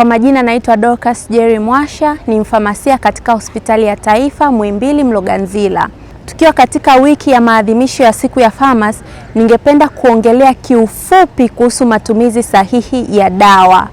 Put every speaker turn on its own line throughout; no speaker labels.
Kwa majina naitwa Dorcas Jerry Mwasha, ni mfamasia katika hospitali ya Taifa Muhimbili Mloganzila. Tukiwa katika wiki ya maadhimisho ya siku ya famasi, ningependa kuongelea kiufupi kuhusu matumizi sahihi ya dawa.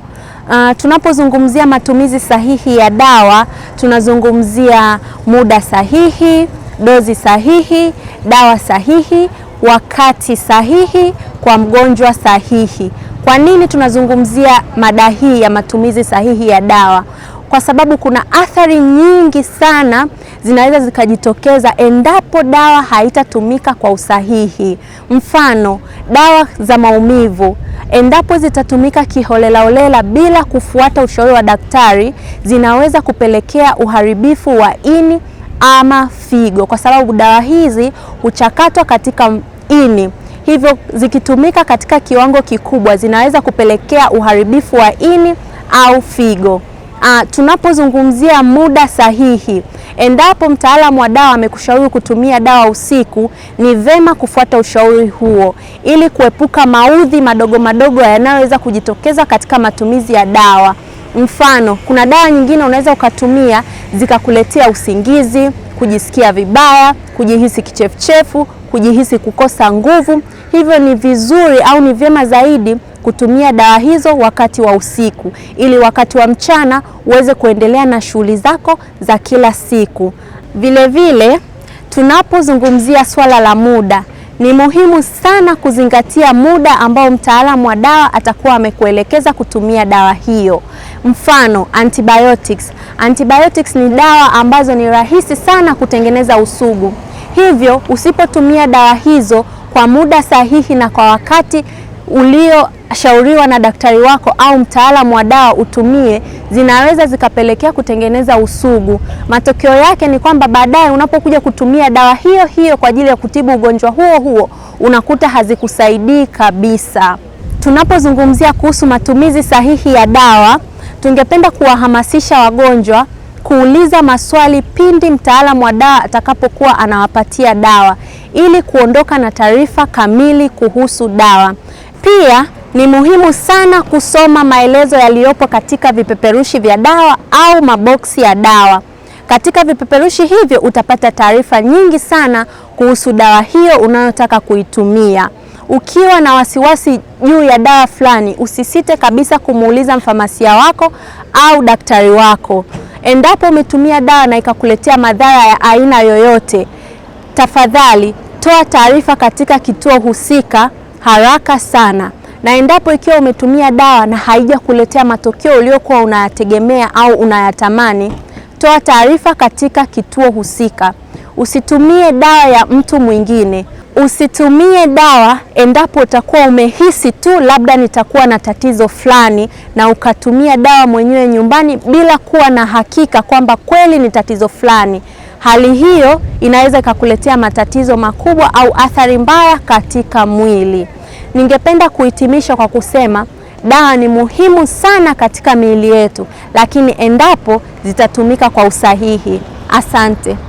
Uh, tunapozungumzia matumizi sahihi ya dawa tunazungumzia muda sahihi, dozi sahihi, dawa sahihi, wakati sahihi kwa mgonjwa sahihi. Kwa nini tunazungumzia mada hii ya matumizi sahihi ya dawa? Kwa sababu kuna athari nyingi sana zinaweza zikajitokeza endapo dawa haitatumika kwa usahihi. Mfano, dawa za maumivu endapo zitatumika kiholelaholela bila kufuata ushauri wa daktari, zinaweza kupelekea uharibifu wa ini ama figo, kwa sababu dawa hizi huchakatwa katika ini hivyo zikitumika katika kiwango kikubwa zinaweza kupelekea uharibifu wa ini au figo. Uh, tunapozungumzia muda sahihi, endapo mtaalamu wa dawa amekushauri kutumia dawa usiku, ni vema kufuata ushauri huo ili kuepuka maudhi madogo madogo yanayoweza kujitokeza katika matumizi ya dawa. Mfano, kuna dawa nyingine unaweza ukatumia zikakuletea usingizi kujisikia vibaya, kujihisi kichefuchefu, kujihisi kukosa nguvu. Hivyo ni vizuri au ni vyema zaidi kutumia dawa hizo wakati wa usiku ili wakati wa mchana uweze kuendelea na shughuli zako za kila siku. Vilevile, tunapozungumzia swala la muda, ni muhimu sana kuzingatia muda ambao mtaalamu wa dawa atakuwa amekuelekeza kutumia dawa hiyo. Mfano antibiotics. Antibiotics ni dawa ambazo ni rahisi sana kutengeneza usugu, hivyo usipotumia dawa hizo kwa muda sahihi na kwa wakati ulioshauriwa na daktari wako au mtaalamu wa dawa utumie, zinaweza zikapelekea kutengeneza usugu. Matokeo yake ni kwamba baadaye unapokuja kutumia dawa hiyo hiyo kwa ajili ya kutibu ugonjwa huo huo unakuta hazikusaidii kabisa. Tunapozungumzia kuhusu matumizi sahihi ya dawa, tungependa kuwahamasisha wagonjwa kuuliza maswali pindi mtaalamu wa dawa atakapokuwa anawapatia dawa ili kuondoka na taarifa kamili kuhusu dawa. Pia ni muhimu sana kusoma maelezo yaliyopo katika vipeperushi vya dawa au maboksi ya dawa. Katika vipeperushi hivyo utapata taarifa nyingi sana kuhusu dawa hiyo unayotaka kuitumia. Ukiwa na wasiwasi juu ya dawa fulani, usisite kabisa kumuuliza mfamasia wako au daktari wako. Endapo umetumia dawa na ikakuletea madhara ya aina yoyote, tafadhali toa taarifa katika kituo husika haraka sana. Na endapo ikiwa umetumia dawa na haijakuletea matokeo uliokuwa unayategemea au unayatamani, toa taarifa katika kituo husika. Usitumie dawa ya mtu mwingine. Usitumie dawa endapo utakuwa umehisi tu labda nitakuwa na tatizo fulani, na ukatumia dawa mwenyewe nyumbani bila kuwa na hakika kwamba kweli ni tatizo fulani. Hali hiyo inaweza ikakuletea matatizo makubwa au athari mbaya katika mwili. Ningependa kuhitimisha kwa kusema dawa ni muhimu sana katika miili yetu, lakini endapo zitatumika kwa usahihi. Asante.